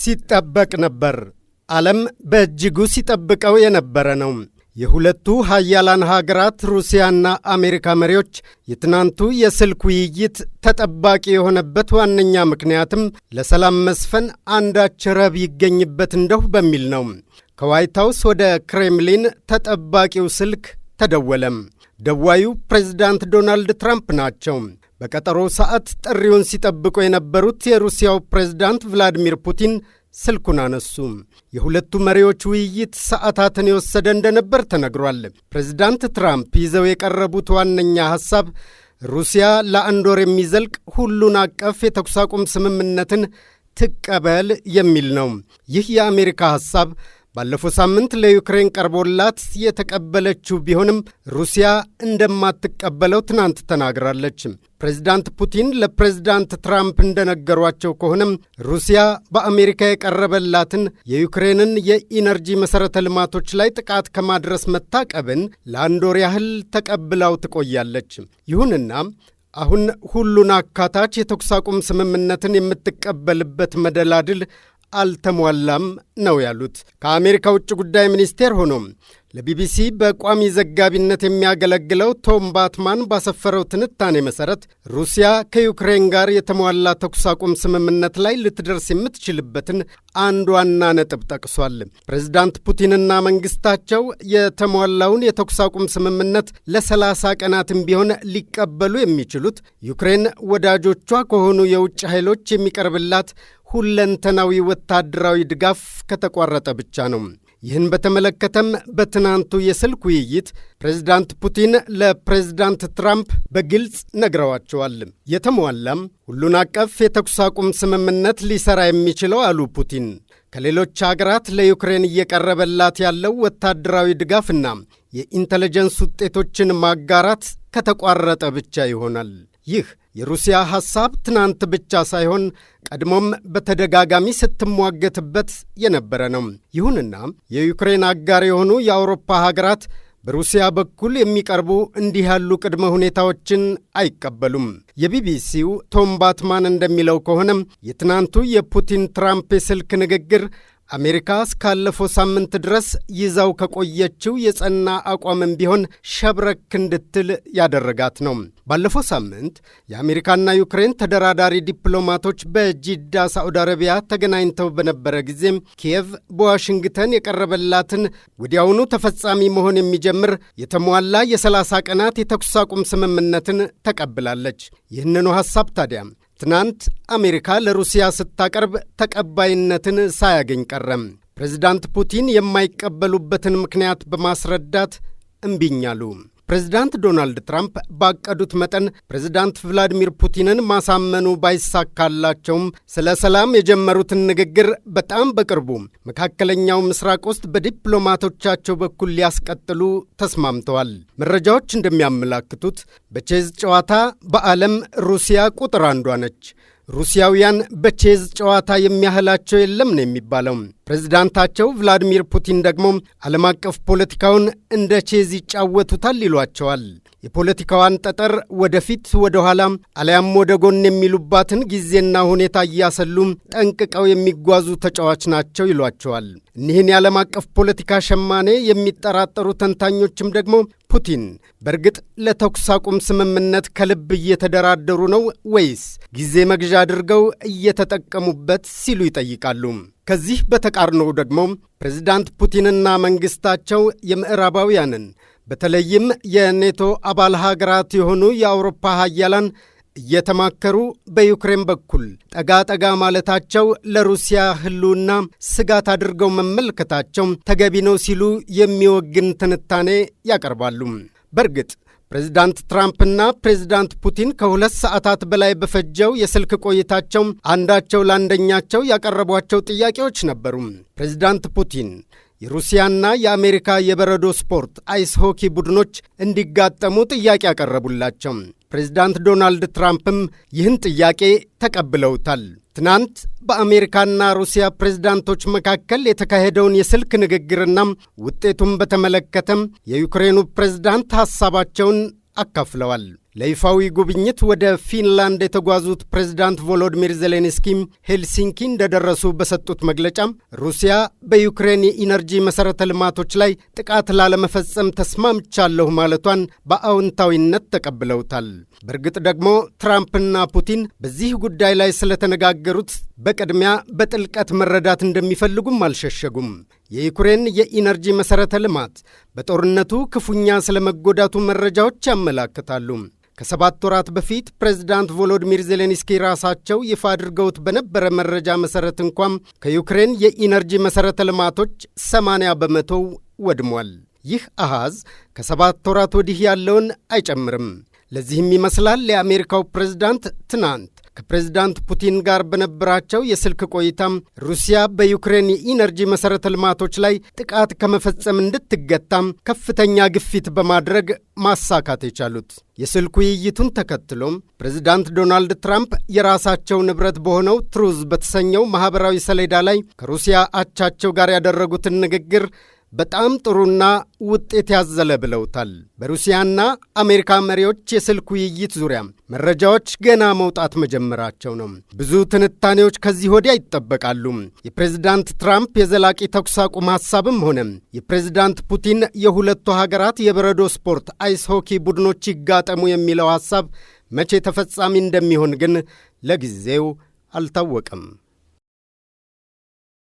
ሲጠበቅ ነበር። ዓለም በእጅጉ ሲጠብቀው የነበረ ነው። የሁለቱ ሀያላን ሀገራት ሩሲያና አሜሪካ መሪዎች የትናንቱ የስልክ ውይይት ተጠባቂ የሆነበት ዋነኛ ምክንያትም ለሰላም መስፈን አንዳች ረብ ይገኝበት እንደሁ በሚል ነው። ከዋይት ሀውስ ወደ ክሬምሊን ተጠባቂው ስልክ ተደወለም። ደዋዩ ፕሬዚዳንት ዶናልድ ትራምፕ ናቸው። በቀጠሮ ሰዓት ጥሪውን ሲጠብቁ የነበሩት የሩሲያው ፕሬዝዳንት ቭላዲሚር ፑቲን ስልኩን አነሱ። የሁለቱ መሪዎች ውይይት ሰዓታትን የወሰደ እንደነበር ተነግሯል። ፕሬዝዳንት ትራምፕ ይዘው የቀረቡት ዋነኛ ሐሳብ ሩሲያ ለአንድ ወር የሚዘልቅ ሁሉን አቀፍ የተኩስ አቁም ስምምነትን ትቀበል የሚል ነው። ይህ የአሜሪካ ሐሳብ ባለፈው ሳምንት ለዩክሬን ቀርቦላት የተቀበለችው ቢሆንም ሩሲያ እንደማትቀበለው ትናንት ተናግራለች። ፕሬዚዳንት ፑቲን ለፕሬዚዳንት ትራምፕ እንደነገሯቸው ከሆነም ሩሲያ በአሜሪካ የቀረበላትን የዩክሬንን የኢነርጂ መሠረተ ልማቶች ላይ ጥቃት ከማድረስ መታቀብን ለአንድ ወር ያህል ተቀብላው ትቆያለች። ይሁንና አሁን ሁሉን አካታች የተኩስ አቁም ስምምነትን የምትቀበልበት መደላድል አልተሟላም ነው ያሉት። ከአሜሪካ ውጭ ጉዳይ ሚኒስቴር ሆኖም ለቢቢሲ በቋሚ ዘጋቢነት የሚያገለግለው ቶም ባትማን ባሰፈረው ትንታኔ መሠረት ሩሲያ ከዩክሬን ጋር የተሟላ ተኩስ አቁም ስምምነት ላይ ልትደርስ የምትችልበትን አንድ ዋና ነጥብ ጠቅሷል። ፕሬዝዳንት ፑቲንና መንግሥታቸው የተሟላውን የተኩስ አቁም ስምምነት ለሰላሳ ቀናትም ቢሆን ሊቀበሉ የሚችሉት ዩክሬን ወዳጆቿ ከሆኑ የውጭ ኃይሎች የሚቀርብላት ሁለንተናዊ ወታደራዊ ድጋፍ ከተቋረጠ ብቻ ነው። ይህን በተመለከተም በትናንቱ የስልክ ውይይት ፕሬዝዳንት ፑቲን ለፕሬዝዳንት ትራምፕ በግልጽ ነግረዋቸዋል። የተሟላም ሁሉን አቀፍ የተኩስ አቁም ስምምነት ሊሰራ የሚችለው አሉ ፑቲን ከሌሎች አገራት ለዩክሬን እየቀረበላት ያለው ወታደራዊ ድጋፍና የኢንተለጀንስ ውጤቶችን ማጋራት ከተቋረጠ ብቻ ይሆናል ይህ የሩሲያ ሐሳብ ትናንት ብቻ ሳይሆን ቀድሞም በተደጋጋሚ ስትሟገትበት የነበረ ነው። ይሁንና የዩክሬን አጋር የሆኑ የአውሮፓ ሀገራት በሩሲያ በኩል የሚቀርቡ እንዲህ ያሉ ቅድመ ሁኔታዎችን አይቀበሉም። የቢቢሲው ቶም ባትማን እንደሚለው ከሆነም የትናንቱ የፑቲን ትራምፕ የስልክ ንግግር አሜሪካ እስካለፈው ሳምንት ድረስ ይዛው ከቆየችው የጸና አቋምም ቢሆን ሸብረክ እንድትል ያደረጋት ነው። ባለፈው ሳምንት የአሜሪካና ዩክሬን ተደራዳሪ ዲፕሎማቶች በጂዳ ሳዑዲ አረቢያ ተገናኝተው በነበረ ጊዜም ኪየቭ በዋሽንግተን የቀረበላትን ወዲያውኑ ተፈጻሚ መሆን የሚጀምር የተሟላ የ30 ቀናት የተኩስ አቁም ስምምነትን ተቀብላለች። ይህንኑ ሐሳብ ታዲያ ትናንት አሜሪካ ለሩሲያ ስታቀርብ ተቀባይነትን ሳያገኝ ቀረም። ፕሬዚዳንት ፑቲን የማይቀበሉበትን ምክንያት በማስረዳት እምቢኛሉ። ፕሬዚዳንት ዶናልድ ትራምፕ ባቀዱት መጠን ፕሬዚዳንት ቭላዲሚር ፑቲንን ማሳመኑ ባይሳካላቸውም ስለ ሰላም የጀመሩትን ንግግር በጣም በቅርቡ መካከለኛው ምስራቅ ውስጥ በዲፕሎማቶቻቸው በኩል ሊያስቀጥሉ ተስማምተዋል። መረጃዎች እንደሚያመላክቱት በቼዝ ጨዋታ በዓለም ሩሲያ ቁጥር አንዷ ነች። ሩሲያውያን በቼዝ ጨዋታ የሚያህላቸው የለም ነው የሚባለው። ፕሬዝዳንታቸው ቭላዲሚር ፑቲን ደግሞ ዓለም አቀፍ ፖለቲካውን እንደ ቼዝ ይጫወቱታል ይሏቸዋል። የፖለቲካዋን ጠጠር ወደፊት ወደ ኋላ አሊያም ወደ ጎን የሚሉባትን ጊዜና ሁኔታ እያሰሉ ጠንቅቀው የሚጓዙ ተጫዋች ናቸው ይሏቸዋል። እኒህን የዓለም አቀፍ ፖለቲካ ሸማኔ የሚጠራጠሩ ተንታኞችም ደግሞ ፑቲን በእርግጥ ለተኩስ አቁም ስምምነት ከልብ እየተደራደሩ ነው ወይስ ጊዜ መግዣ አድርገው እየተጠቀሙበት ሲሉ ይጠይቃሉ። ከዚህ በተቃርኖው ደግሞ ፕሬዚዳንት ፑቲንና መንግሥታቸው የምዕራባውያንን በተለይም የኔቶ አባል ሀገራት የሆኑ የአውሮፓ ሀያላን እየተማከሩ በዩክሬን በኩል ጠጋ ጠጋ ማለታቸው ለሩሲያ ሕልውና ስጋት አድርገው መመልከታቸው ተገቢ ነው ሲሉ የሚወግን ትንታኔ ያቀርባሉ። በእርግጥ ፕሬዚዳንት ትራምፕና ፕሬዚዳንት ፑቲን ከሁለት ሰዓታት በላይ በፈጀው የስልክ ቆይታቸው አንዳቸው ለአንደኛቸው ያቀረቧቸው ጥያቄዎች ነበሩ። ፕሬዚዳንት ፑቲን የሩሲያና የአሜሪካ የበረዶ ስፖርት አይስ ሆኪ ቡድኖች እንዲጋጠሙ ጥያቄ ያቀረቡላቸው ፕሬዚዳንት ዶናልድ ትራምፕም ይህን ጥያቄ ተቀብለውታል። ትናንት በአሜሪካና ሩሲያ ፕሬዝዳንቶች መካከል የተካሄደውን የስልክ ንግግርና ውጤቱን በተመለከተም የዩክሬኑ ፕሬዝዳንት ሐሳባቸውን አካፍለዋል። ለይፋዊ ጉብኝት ወደ ፊንላንድ የተጓዙት ፕሬዝዳንት ቮሎዲሚር ዜሌንስኪም ሄልሲንኪ እንደደረሱ በሰጡት መግለጫም ሩሲያ በዩክሬን የኢነርጂ መሠረተ ልማቶች ላይ ጥቃት ላለመፈጸም ተስማምቻለሁ ማለቷን በአዎንታዊነት ተቀብለውታል። በእርግጥ ደግሞ ትራምፕና ፑቲን በዚህ ጉዳይ ላይ ስለተነጋገሩት በቅድሚያ በጥልቀት መረዳት እንደሚፈልጉም አልሸሸጉም። የዩክሬን የኢነርጂ መሠረተ ልማት በጦርነቱ ክፉኛ ስለመጎዳቱ መረጃዎች ያመላክታሉ። ከሰባት ወራት በፊት ፕሬዝዳንት ቮሎዲሚር ዜሌንስኪ ራሳቸው ይፋ አድርገውት በነበረ መረጃ መሠረት እንኳም ከዩክሬን የኢነርጂ መሠረተ ልማቶች 80 በመቶው ወድሟል። ይህ አሃዝ ከሰባት ወራት ወዲህ ያለውን አይጨምርም። ለዚህም ይመስላል የአሜሪካው ፕሬዝዳንት ትናንት ከፕሬዝዳንት ፑቲን ጋር በነበራቸው የስልክ ቆይታም ሩሲያ በዩክሬን የኢነርጂ መሠረተ ልማቶች ላይ ጥቃት ከመፈጸም እንድትገታም ከፍተኛ ግፊት በማድረግ ማሳካት የቻሉት። የስልክ ውይይቱን ተከትሎም ፕሬዝዳንት ዶናልድ ትራምፕ የራሳቸው ንብረት በሆነው ትሩዝ በተሰኘው ማኅበራዊ ሰሌዳ ላይ ከሩሲያ አቻቸው ጋር ያደረጉትን ንግግር በጣም ጥሩና ውጤት ያዘለ ብለውታል። በሩሲያና አሜሪካ መሪዎች የስልክ ውይይት ዙሪያ መረጃዎች ገና መውጣት መጀመራቸው ነው። ብዙ ትንታኔዎች ከዚህ ወዲያ ይጠበቃሉ። የፕሬዝዳንት ትራምፕ የዘላቂ ተኩስ አቁም ሀሳብም ሆነ የፕሬዝዳንት ፑቲን የሁለቱ ሀገራት የበረዶ ስፖርት አይስ ሆኪ ቡድኖች ይጋጠሙ የሚለው ሀሳብ መቼ ተፈጻሚ እንደሚሆን ግን ለጊዜው አልታወቅም።